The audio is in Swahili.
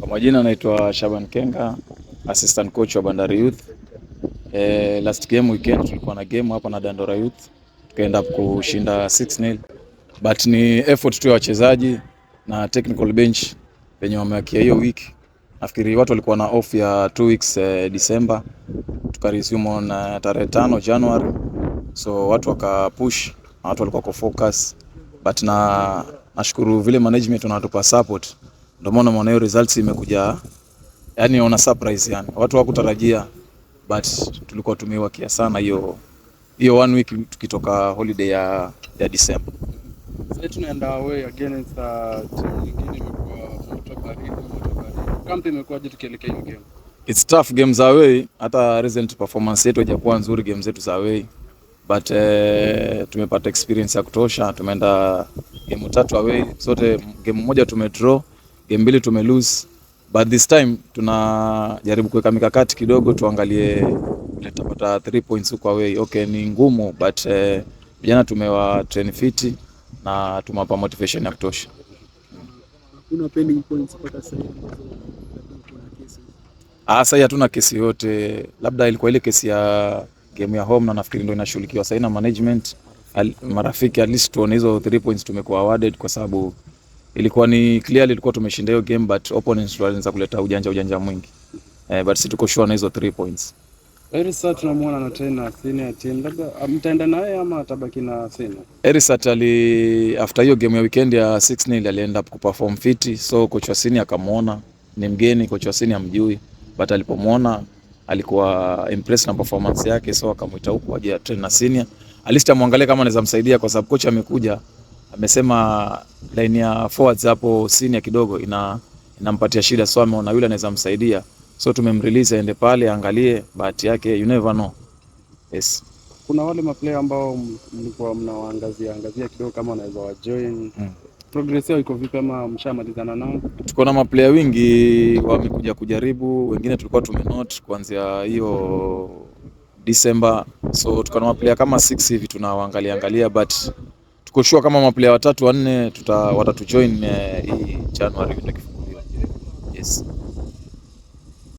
Kwa majina naitwa Shaban Kenga, assistant coach wa Bandari Youth. E, last game weekend tulikuwa na game hapa na Dandora Youth tukaenda kushinda 6-0. But ni effort tu ya wachezaji na technical bench wenye wamewakia hiyo wiki. Nafikiri watu walikuwa na off ya 2 weeks eh, December resume on uh, tarehe 5 January, so watu waka push na watu walikuwa kwa focus, but na nashukuru vile management wanatupa support ndio maana maana hiyo results imekuja, yani ona surprise, yani watu hawakutarajia, but tulikuwa tumewakia sana hiyo hiyo one week tukitoka holiday ya ya December. Sasa tunaenda away again in the team nyingine, imekuwa moto baridi, moto baridi. Kambi imekuwa je tukielekea hiyo game? It's tough games away, hata recent performance yetu haijakuwa nzuri games zetu za away but eh, tumepata experience ya kutosha. Tumeenda game tatu away, sote game moja tumedraw game mbili tume lose, but this time tunajaribu kuweka mikakati kidogo, tuangalie tutapata 3 points huko away. Okay, ni ngumu but eh, vijana uh, tumewa train fit na tumewapa motivation ya kutosha. pending points sasa. Ah, sasa hatuna kesi yote, labda ilikuwa ile kesi ya game ya home na nafikiri ndio inashughulikiwa sasa na management al, marafiki at least tuone hizo 3 points tumekuwa awarded kwa sababu ilikuwa ni clearly ilikuwa tumeshinda hiyo game but opponents walianza kuleta ujanja ujanja mwingi eh, but sisi tuko sure na hizo 3 points. Erisat tunamuona na tena Athena ya team, labda um, mtaenda naye ama atabaki na Athena. Erisat ali after hiyo game ya weekend ya 6 0 alienda kuperform fit, so coach Athena akamuona, ni mgeni coach Athena amjui, but alipomuona alikuwa impressed na performance yake, so akamuita huko aje train na senior. Alista muangalie kama anaweza msaidia kwa sababu coach amekuja amesema line ya forwards hapo senior kidogo ina inampatia shida, so ameona yule anaweza msaidia, so tumemrelease aende pale angalie bahati yake, you never know. Yes. Kuna wale maplayer ambao mlikuwa mnawaangazia angazia kidogo kama wanaweza wa join. hmm. Progress yao iko vipi ama mshamalizana nao? Tuko na maplayer wingi wamekuja kujaribu, wengine tulikuwa tumenote kuanzia hiyo December, so tuko na maplayer kama 6 hivi tunawaangalia angalia but tuko sure kama maplayer watatu wanne tuta join eh, hii January kifunguliwa. Yes.